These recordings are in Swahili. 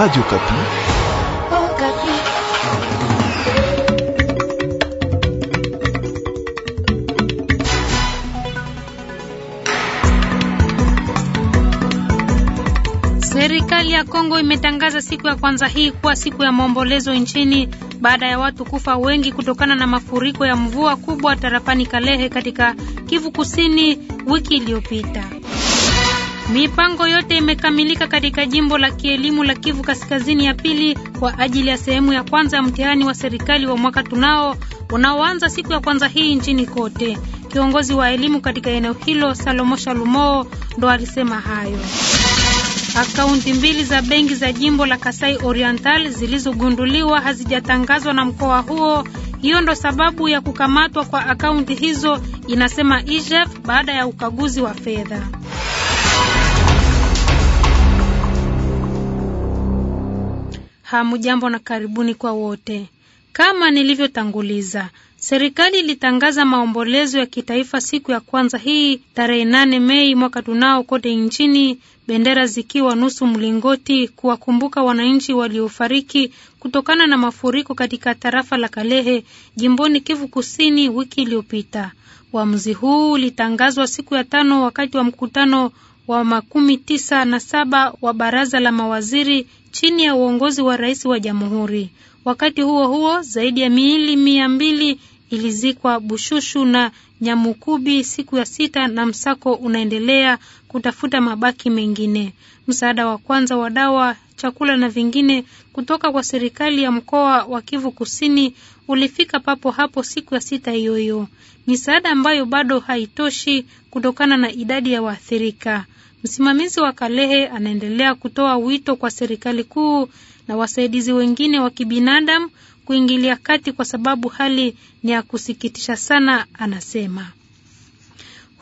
Radio Kapi. Oh, Kapi. Serikali ya Kongo imetangaza siku ya kwanza hii kuwa siku ya maombolezo nchini baada ya watu kufa wengi kutokana na mafuriko ya mvua kubwa tarafani Kalehe katika Kivu Kusini wiki iliyopita. Mipango yote imekamilika katika jimbo la kielimu la Kivu Kaskazini ya pili kwa ajili ya sehemu ya kwanza ya mtihani wa serikali wa mwaka tunao unaoanza siku ya kwanza hii nchini kote. Kiongozi wa elimu katika eneo hilo Salomo Shalumoo ndo alisema hayo. Akaunti mbili za benki za jimbo la Kasai Oriental zilizogunduliwa hazijatangazwa na mkoa huo. Hiyo ndo sababu ya kukamatwa kwa akaunti hizo, inasema IJEF e baada ya ukaguzi wa fedha. Hamujambo na karibuni kwa wote. Kama nilivyotanguliza, serikali ilitangaza maombolezo ya kitaifa siku ya kwanza hii tarehe nane Mei mwaka tunao kote nchini, bendera zikiwa nusu mlingoti kuwakumbuka wananchi waliofariki kutokana na mafuriko katika tarafa la Kalehe jimboni Kivu Kusini wiki iliyopita. Uamuzi huu ulitangazwa siku ya tano wakati wa mkutano wa makumi tisa na saba wa baraza la mawaziri chini ya uongozi wa rais wa jamhuri. Wakati huo huo, zaidi ya miili mia mbili ilizikwa Bushushu na Nyamukubi siku ya sita, na msako unaendelea kutafuta mabaki mengine. Msaada wa kwanza wa dawa, chakula na vingine kutoka kwa serikali ya mkoa wa Kivu Kusini ulifika papo hapo siku ya sita hiyo hiyo, misaada ambayo bado haitoshi kutokana na idadi ya waathirika. Msimamizi wa Kalehe anaendelea kutoa wito kwa serikali kuu na wasaidizi wengine wa kibinadamu kuingilia kati kwa sababu hali ni ya kusikitisha sana, anasema.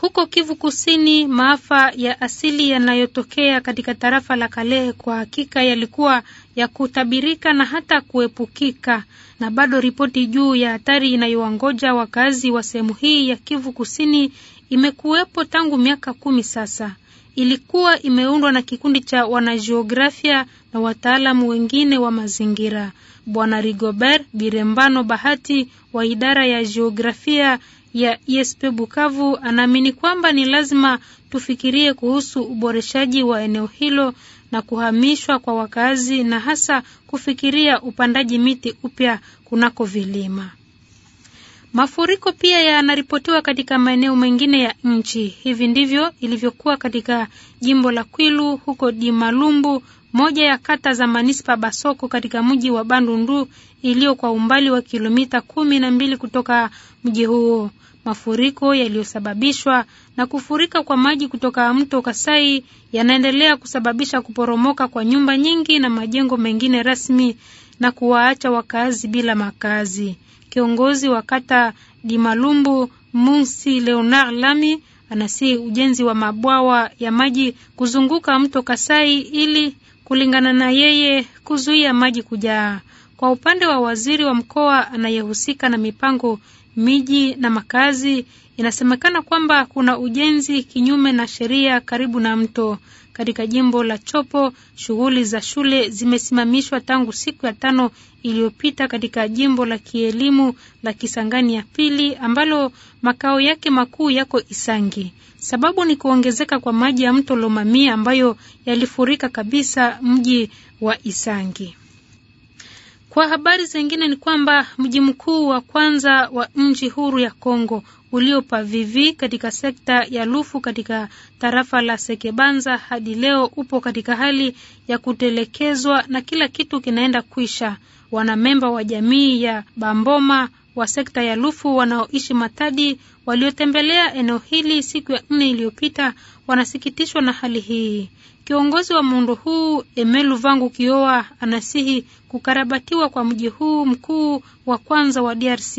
Huko Kivu Kusini, maafa ya asili yanayotokea katika tarafa la Kalehe kwa hakika yalikuwa ya kutabirika na hata kuepukika, na bado ripoti juu ya hatari inayowangoja wakazi wa sehemu hii ya Kivu Kusini imekuwepo tangu miaka kumi sasa ilikuwa imeundwa na kikundi cha wanajiografia na wataalamu wengine wa mazingira. Bwana Rigobert Birembano Bahati wa idara ya jiografia ya esp Bukavu anaamini kwamba ni lazima tufikirie kuhusu uboreshaji wa eneo hilo na kuhamishwa kwa wakazi na hasa kufikiria upandaji miti upya kunako vilima. Mafuriko pia yanaripotiwa katika maeneo mengine ya nchi. Hivi ndivyo ilivyokuwa katika jimbo la Kwilu huko Dimalumbu, moja ya kata za manispa Basoko katika mji wa Bandundu iliyo kwa umbali wa kilomita kumi na mbili kutoka mji huo. Mafuriko yaliyosababishwa na kufurika kwa maji kutoka mto Kasai yanaendelea kusababisha kuporomoka kwa nyumba nyingi na majengo mengine rasmi na kuwaacha wakazi bila makazi. Kiongozi wa kata Dimalumbu musi Leonard Lami anasi ujenzi wa mabwawa ya maji kuzunguka mto Kasai ili kulingana na yeye kuzuia maji kujaa. Kwa upande wa waziri wa mkoa anayehusika na mipango miji na makazi, inasemekana kwamba kuna ujenzi kinyume na sheria karibu na mto katika jimbo la Chopo. Shughuli za shule zimesimamishwa tangu siku ya tano iliyopita katika jimbo la kielimu la Kisangani ya pili ambalo makao yake makuu yako Isangi. Sababu ni kuongezeka kwa maji ya mto Lomami ambayo yalifurika kabisa mji wa Isangi. Kwa habari zingine ni kwamba mji mkuu wa kwanza wa nchi huru ya Kongo uliopavivi katika sekta ya Lufu katika tarafa la Sekebanza hadi leo upo katika hali ya kutelekezwa na kila kitu kinaenda kuisha Wanamemba wa jamii ya Bamboma wa sekta ya Lufu wanaoishi Matadi waliotembelea eneo hili siku ya nne iliyopita wanasikitishwa na hali hii. Kiongozi wa muundo huu Emelu Vangu Kioa anasihi kukarabatiwa kwa mji huu mkuu wa kwanza wa DRC.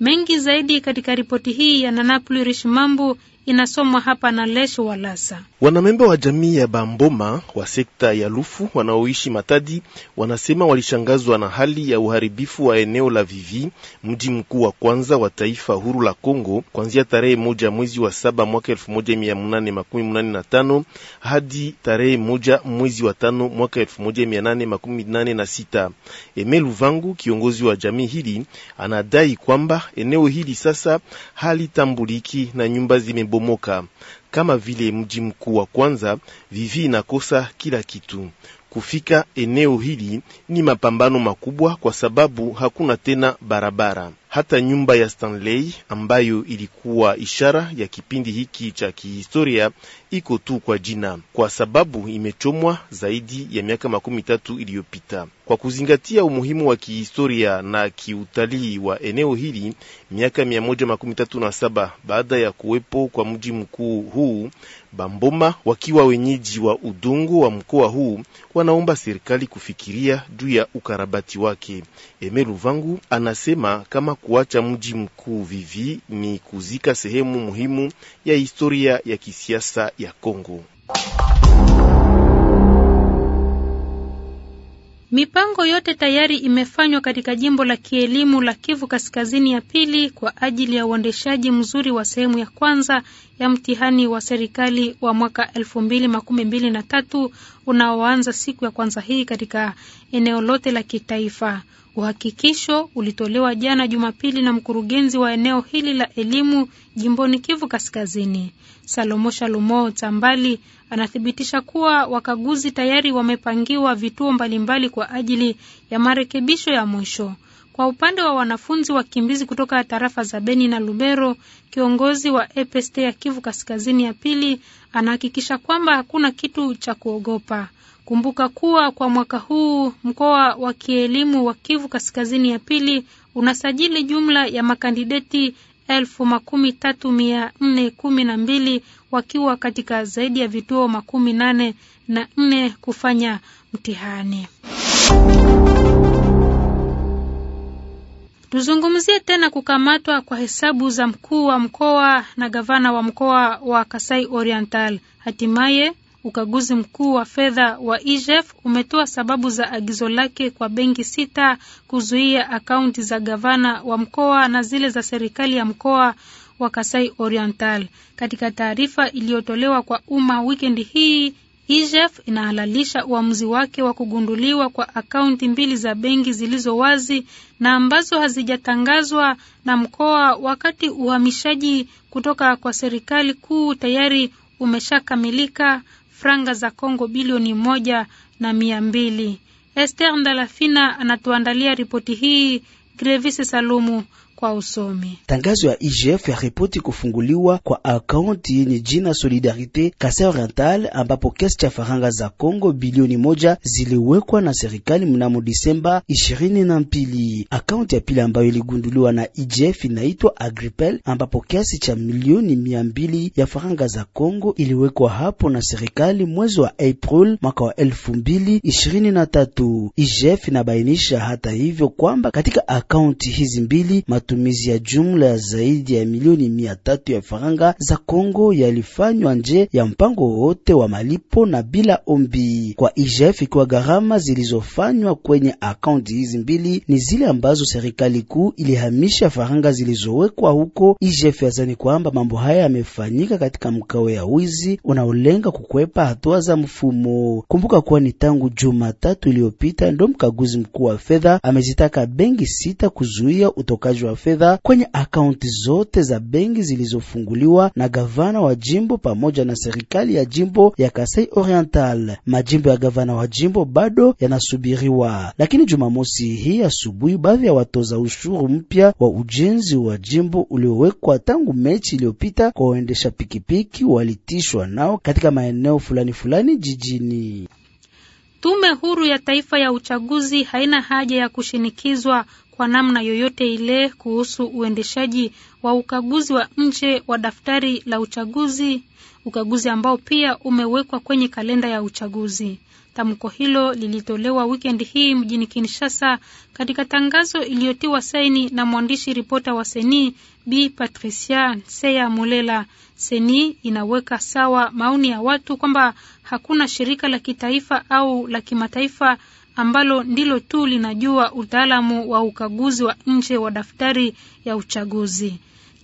Mengi zaidi katika ripoti hii ya Nanapulirish Rishimambu inasomwa hapa na Lesho Walasa. Wanamemba wa jamii ya Bamboma wa sekta ya Lufu wanaoishi Matadi wanasema walishangazwa na hali ya uharibifu wa eneo la Vivi, mji mkuu wa kwanza wa taifa huru la Kongo, kuanzia tarehe moja mwezi wa saba mwaka elfu moja mia nane makumi munane na tano hadi tarehe moja mwezi wa tano mwaka elfu moja mia nane makumi nane na sita. Eme Luvangu, kiongozi wa jamii hili, anadai kwamba eneo hili sasa halitambuliki na nyumba zimebo kubomoka. Kama vile mji mkuu wa kwanza, Vivi inakosa kila kitu. Kufika eneo hili ni mapambano makubwa, kwa sababu hakuna tena barabara hata nyumba ya Stanley ambayo ilikuwa ishara ya kipindi hiki cha kihistoria iko tu kwa jina, kwa sababu imechomwa zaidi ya miaka makumi tatu iliyopita. Kwa kuzingatia umuhimu wa kihistoria na kiutalii wa eneo hili, miaka mia moja makumi tatu na saba baada ya kuwepo kwa mji mkuu huu, Bamboma wakiwa wenyeji wa udongo wa mkoa huu wanaomba serikali kufikiria juu ya ukarabati wake. Emeluvangu anasema kama kuacha mji mkuu Vivi ni kuzika sehemu muhimu ya historia ya kisiasa ya Kongo. Mipango yote tayari imefanywa katika jimbo la kielimu la Kivu Kaskazini ya pili kwa ajili ya uendeshaji mzuri wa sehemu ya kwanza ya mtihani wa serikali wa mwaka elfu mbili makumi mbili na tatu unaoanza siku ya kwanza hii katika eneo lote la kitaifa. Uhakikisho ulitolewa jana Jumapili na mkurugenzi wa eneo hili la elimu jimboni Kivu Kaskazini, Salomo Shalumo Tambali. Anathibitisha kuwa wakaguzi tayari wamepangiwa vituo mbalimbali kwa ajili ya marekebisho ya mwisho. Kwa upande wa wanafunzi wakimbizi kutoka tarafa za Beni na Lubero, kiongozi wa EPST ya Kivu Kaskazini ya pili anahakikisha kwamba hakuna kitu cha kuogopa. Kumbuka kuwa kwa mwaka huu mkoa wa kielimu wa Kivu Kaskazini ya pili unasajili jumla ya makandideti elfu makumi tatu mia nne kumi na mbili wakiwa katika zaidi ya vituo makumi nane na nne kufanya mtihani. Tuzungumzie tena kukamatwa kwa hesabu za mkuu wa mkoa na gavana wa mkoa wa Kasai Oriental. Hatimaye Ukaguzi mkuu wa fedha wa IGF e umetoa sababu za agizo lake kwa benki sita kuzuia akaunti za gavana wa mkoa na zile za serikali ya mkoa wa Kasai Oriental. Katika taarifa iliyotolewa kwa umma wikendi hii, IGF e inahalalisha uamuzi wake wa kugunduliwa kwa akaunti mbili za benki zilizo wazi na ambazo hazijatangazwa na mkoa wakati uhamishaji kutoka kwa serikali kuu tayari umeshakamilika franga za Kongo bilioni moja na mia mbili. Esther Ndalafina anatuandalia ripoti hii. Grevisi Salumu kwa usomi. Tangazo ya IGF ya ripoti kufunguliwa kwa akaunti yenye jina Solidarite Kasai Oriental, ambapo kiasi cha faranga za Kongo bilioni moja ziliwekwa na serikali mnamo Disemba 22. Akaunti ya pili ambayo iligunduliwa na IGF inaitwa Agripel, ambapo kiasi cha milioni mia mbili ya faranga za Kongo iliwekwa hapo na serikali mwezi wa April mwaka wa 2023. IGF inabainisha hata hivyo kwamba katika akaunti hizi mbili matumizi ya jumla ya zaidi ya milioni mia tatu ya faranga za Kongo yalifanywa nje ya mpango wote wa malipo na bila ombi kwa IGF, ikiwa gharama zilizofanywa kwenye akaunti hizi mbili ni zile ambazo serikali kuu ilihamisha faranga zilizowekwa huko. IGF yazani kwamba mambo haya yamefanyika katika mkao ya wizi unaolenga kukwepa hatua za mfumo. Kumbuka kuwa ni tangu Jumatatu iliyopita ndo mkaguzi mkuu wa fedha amezitaka benki sita kuzuia utokaji wa fedha kwenye akaunti zote za benki zilizofunguliwa na gavana wa jimbo pamoja na serikali ya jimbo ya Kasai Oriental. Majimbo ya gavana wa jimbo bado yanasubiriwa, lakini Jumamosi hii asubuhi baadhi ya watoza ushuru mpya wa ujenzi wa jimbo uliowekwa tangu mechi iliyopita kwa waendesha pikipiki walitishwa nao katika maeneo fulani fulani jijini. Tume huru ya taifa ya uchaguzi haina haja ya kushinikizwa kwa namna yoyote ile kuhusu uendeshaji wa ukaguzi wa nje wa daftari la uchaguzi, ukaguzi ambao pia umewekwa kwenye kalenda ya uchaguzi. Tamko hilo lilitolewa wikendi hii mjini Kinshasa katika tangazo iliyotiwa saini na mwandishi ripota wa Seni B Patricia Seya Mulela. Seni inaweka sawa maoni ya watu kwamba hakuna shirika la kitaifa au la kimataifa ambalo ndilo tu linajua utaalamu wa ukaguzi wa nje wa daftari ya uchaguzi.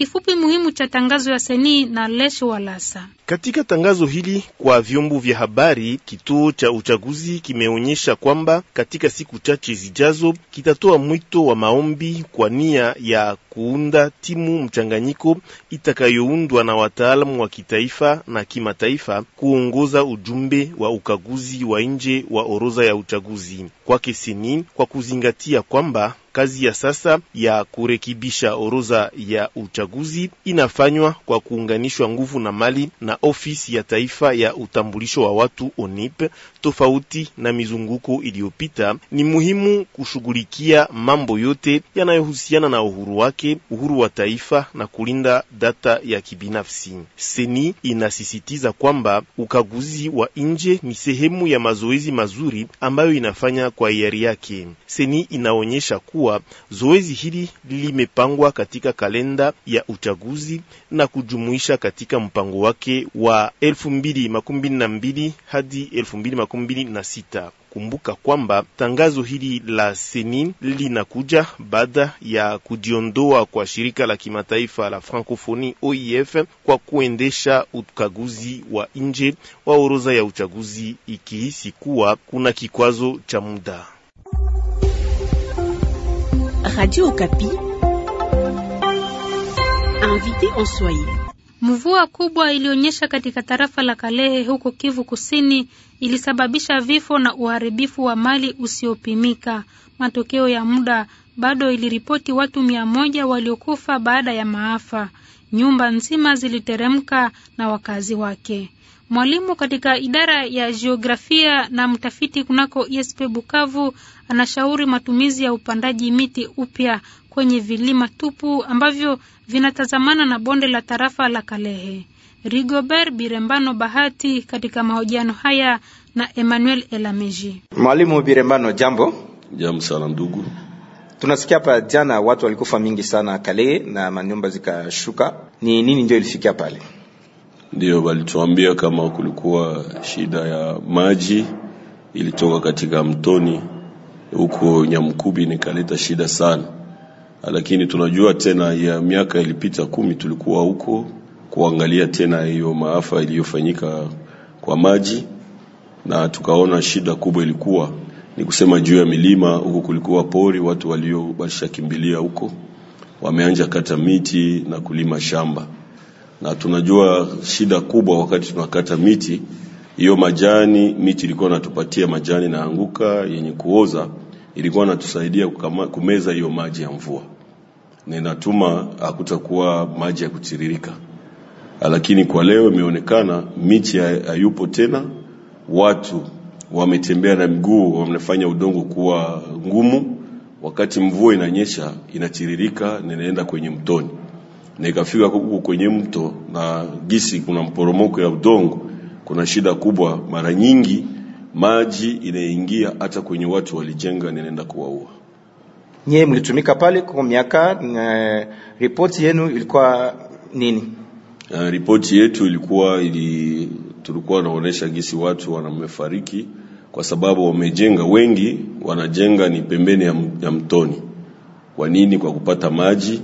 Kifupi muhimu cha tangazo ya seni na lesho walasa. Katika tangazo hili kwa vyombo vya habari, kituo cha uchaguzi kimeonyesha kwamba katika siku chache zijazo kitatoa mwito wa maombi kwa nia ya kuunda timu mchanganyiko itakayoundwa na wataalamu wa kitaifa na kimataifa kuongoza ujumbe wa ukaguzi wa nje wa orodha ya uchaguzi kwake seni kwa kuzingatia kwamba Kazi ya sasa ya kurekebisha orodha ya uchaguzi inafanywa kwa kuunganishwa nguvu na mali na ofisi ya taifa ya utambulisho wa watu ONIP. Tofauti na mizunguko iliyopita, ni muhimu kushughulikia mambo yote yanayohusiana na uhuru wake, uhuru wa taifa na kulinda data ya kibinafsi. Seni inasisitiza kwamba ukaguzi wa nje ni sehemu ya mazoezi mazuri ambayo inafanya kwa hiari yake. Seni inaonyesha ku kuwa zoezi hili limepangwa katika kalenda ya uchaguzi na kujumuisha katika mpango wake wa 2022 hadi 2026. Kumbuka kwamba tangazo hili la Seni linakuja baada ya kujiondoa kwa shirika la kimataifa la Francophonie OIF kwa kuendesha ukaguzi wa nje wa orodha ya uchaguzi ikihisi kuwa kuna kikwazo cha muda. Radio Okapi. Invité en Swahili. Mvua kubwa ilionyesha katika tarafa la Kalehe huko Kivu Kusini ilisababisha vifo na uharibifu wa mali usiopimika. Matokeo ya muda bado iliripoti watu mia moja waliokufa baada ya maafa. Nyumba nzima ziliteremka na wakazi wake mwalimu katika idara ya jiografia na mtafiti kunako ISP e Bukavu, anashauri matumizi ya upandaji miti upya kwenye vilima tupu ambavyo vinatazamana na bonde la tarafa la Kalehe. Rigobert Birembano Bahati katika mahojiano haya na Emmanuel Elameji. Mwalimu Birembano, jambo. Jambo sana ndugu. Tunasikia hapa jana watu walikufa mingi sana Kalehe na manyumba zikashuka. Ni nini ndio ilifikia pale? Ndio walituambia kama kulikuwa shida ya maji ilitoka katika mtoni huko Nyamkubi, nikaleta shida sana, lakini tunajua tena ya miaka ilipita kumi tulikuwa huko kuangalia tena hiyo maafa iliyofanyika kwa maji, na tukaona shida kubwa ilikuwa ni kusema juu ya milima huko kulikuwa pori, watu walio walishakimbilia huko, wameanja kata miti na kulima shamba na tunajua shida kubwa wakati tunakata miti hiyo majani, miti ilikuwa natupatia majani na anguka yenye kuoza, ilikuwa natusaidia kumeza hiyo maji ya mvua na inatuma hakutakuwa maji ya kutiririka. Lakini kwa leo imeonekana miti hayupo tena, watu wametembea na miguu, wamefanya udongo kuwa ngumu. Wakati mvua inanyesha inatiririka na inaenda kwenye mtoni na ikafika kwenye mto na gisi kuna mporomoko ya udongo, kuna shida kubwa. Mara nyingi maji inaingia hata kwenye watu walijenga, ninaenda kuwaua. Nyie mlitumika pale kwa miaka eh, ripoti yenu ilikuwa nini? Uh, ripoti yetu ilikuwa ili, tulikuwa naonesha gisi watu wanamefariki kwa sababu wamejenga, wengi wanajenga ni pembeni ya, ya mtoni. Kwa nini? Kwa kupata maji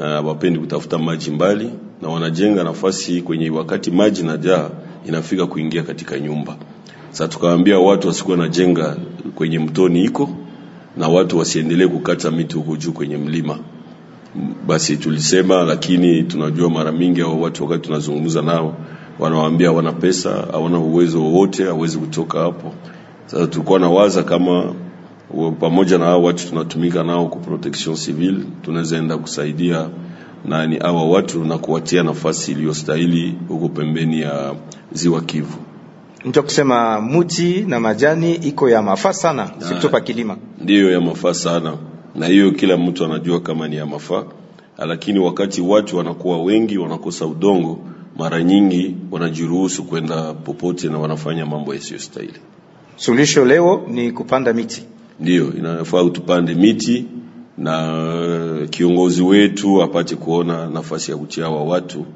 Eh, hawapendi kutafuta maji mbali na wanajenga nafasi kwenye wakati maji najaa inafika kuingia katika nyumba. Sasa tukawaambia watu wasikuwa najenga kwenye mtoni iko na watu wasiendelee kukata miti huko juu kwenye mlima. Basi tulisema, lakini tunajua mara mingi hao watu wakati tunazungumza nao wanawaambia wana pesa, hawana uwezo wowote, hawezi kutoka hapo. Sasa tulikuwa nawaza kama pamoja na hao watu tunatumika nao ku protection civile tunaweza enda kusaidia nani hawa watu na kuwatia nafasi iliyostahili huko pembeni ya ziwa Kivu. nito kusema muti na majani iko ya mafaa sana, sikutopa ah, kilima ndiyo ya mafaa sana, na hiyo kila mtu anajua kama ni ya mafaa, lakini wakati watu wanakuwa wengi wanakosa udongo, mara nyingi wanajiruhusu kwenda popote na wanafanya mambo yasiyostahili. Suluhisho leo ni kupanda miti ndio inafaa tupande miti na eh, kiongozi wetu apate kuona nafasi ya kuchawa watu,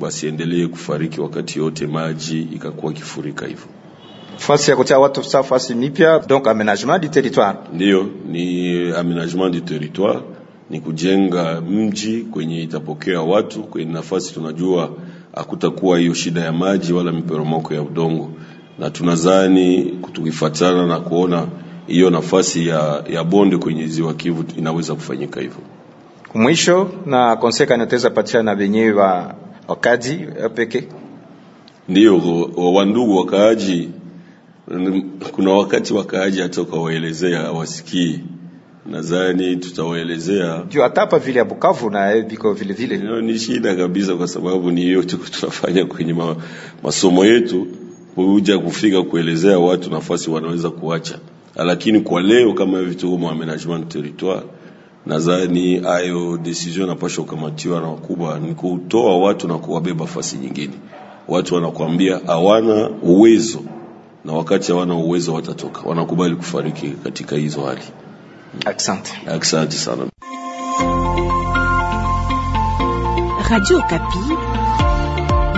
wasiendelee kufariki wakati yote maji ikakuwa kifurika hivyo. Fasi ya kutia watu sa fasi mipya, donc aménagement du territoire. ndio ni eh, aménagement du territoire, ni kujenga mji kwenye itapokea watu kwenye nafasi tunajua hakutakuwa hiyo shida ya maji wala miporomoko ya udongo, na tunazani tukifatana na kuona hiyo nafasi ya, ya bonde kwenye ziwa Kivu inaweza kufanyika hivyo. Mwisho na konseka nateza patia na venyewe wa wakaji eh, peke ndio wandugu wakaaji. Kuna wakati wakaaji hata ukawaelezea wasikii, nadhani tutawaelezea juu atapa vile ya Bukavu na biko eh, vile vile no, ni shida kabisa, kwa sababu ni hiyo tuko tunafanya kwenye ma, masomo yetu kuja kufika kuelezea watu nafasi wanaweza kuacha lakini kwa leo kama vitu management territoire, nadhani hayo decision napasha ukamatiwa na wakubwa, ni kutoa watu na kuwabeba fasi nyingine. Watu wanakuambia hawana uwezo, na wakati hawana uwezo watatoka, wanakubali kufariki katika hizo hali. Asante, asante sana. Radio Kapi,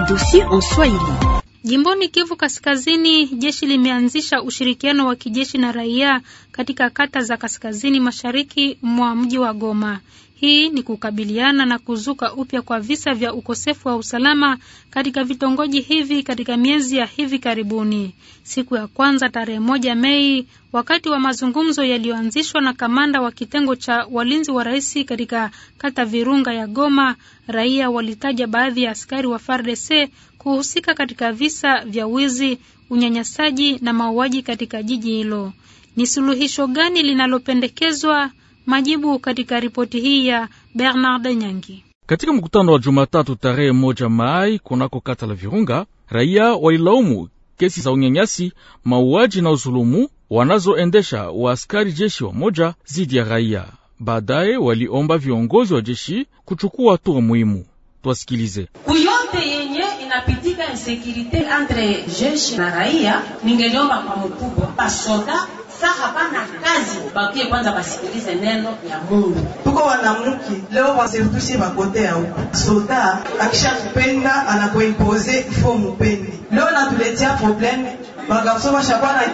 dossier en Swahili. Jimboni Kivu Kaskazini, jeshi limeanzisha ushirikiano wa kijeshi na raia katika kata za kaskazini mashariki mwa mji wa Goma. Hii ni kukabiliana na kuzuka upya kwa visa vya ukosefu wa usalama katika vitongoji hivi katika miezi ya hivi karibuni. Siku ya kwanza tarehe moja Mei, wakati wa mazungumzo yaliyoanzishwa na kamanda wa kitengo cha walinzi wa rais katika kata Virunga ya Goma, raia walitaja baadhi ya askari wa FARDC kuhusika katika visa vya wizi, unyanyasaji na mauaji katika jiji hilo. Ni suluhisho gani linalopendekezwa? Majibu katika ripoti hii ya Bernard Nyangi. Katika mkutano wa Jumatatu tarehe moja Mai kunako kata la Virunga, raia wailaumu kesi za unyanyasi, mauaji na uzulumu wanazoendesha wa askari jeshi wa moja zidi ya raia. Baadaye waliomba viongozi wa jeshi kuchukua hatua muhimu. Twasikilize. kuyote yenye inapitika insekurite entre jeshi na raia, ningeliomba kwa mkubwa pasoda sa hapana kazi, bakie kwanza basikilize neno ya Mungu. Tuko wanamuki leo wasertushe bakote yao sota akisha kupenda anakoimpose ifo mupende. Leo natuletea problem magarso na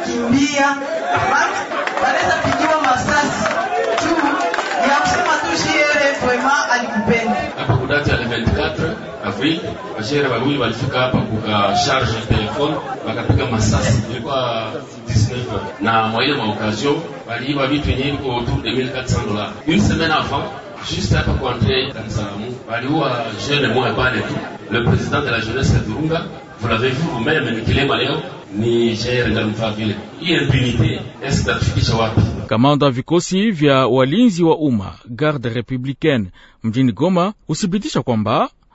kimbia wanaweza pigiwa masasi juu ya kusema tu jie vraiment alikupenda. Hapo kudati ya 24 avril washera barui walifika hapa kuka charge telefone wakapika masasi ilikuwa 19 na mwaile mwa okazio waliiba vitu yenye iko autour de 1400 dollars une semaine avant juste hapa kwa entrée Salamu waliua jeune mmoja pale tu le président de la jeunesse ya Virunga vous l'avez vu vous-même ni kilema leo ni jere ndio mfaa vile hii impunite est tafikisha wapi Kamanda vikosi vya walinzi wa umma garde républicaine mjini Goma usibitisha kwamba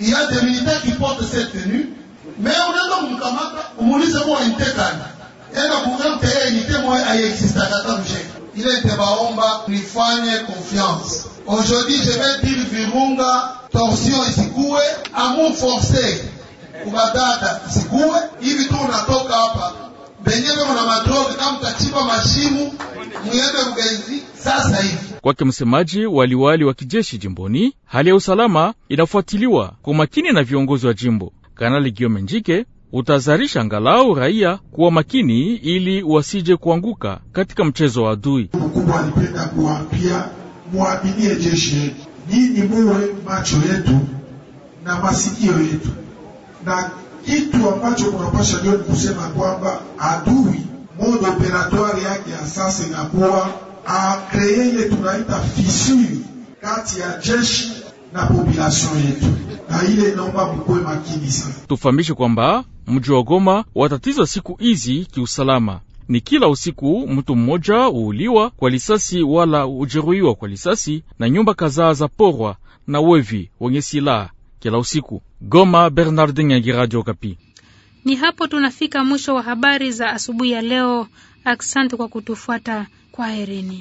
Il y a des militaires qui portent cette tenue, mais unaenda kumkamata umuulize kuwa mtekana enda kumtee nite moyo ayexista kata msheka. Ile nitabaomba nifanye confiance. Aujourd'hui, je vais dire virunga torsion isikue, amour forcé kubadada isikue. Hivi tu unatoka hapa benyewe, kuna madrogi kama mtachiba mashimu, muende Mbezi sasa hivi Kwake msemaji waliwali wa kijeshi jimboni, hali ya usalama inafuatiliwa kwa makini na viongozi wa jimbo. Kanali Giome Njike utazarisha angalau raia kuwa makini ili wasije kuanguka katika mchezo wa adui. Mkubwa alipenda kuwaambia muaminie jeshi yetu, nyinyi muwe macho yetu na masikio yetu, na kitu ambacho kunapasha leo ni kusema kwamba adui modo operatoire yake ya sasa inakuwa aankreye ile tunaita fisure kati ya jeshi na population yetu, na ile naomba mkuwe makini sana. Tufahamishe kwamba mji wa Goma watatizwa siku hizi kiusalama ni kila usiku mtu mmoja huuliwa kwa lisasi wala hujeruhiwa kwa lisasi, na nyumba kadhaa za porwa na wevi wenye silaha kila usiku. Goma, Bernardin Nyangi, Radio Kapi. Ni hapo tunafika mwisho wa habari za asubuhi ya leo. aksante kwa kutufuata kwaherini.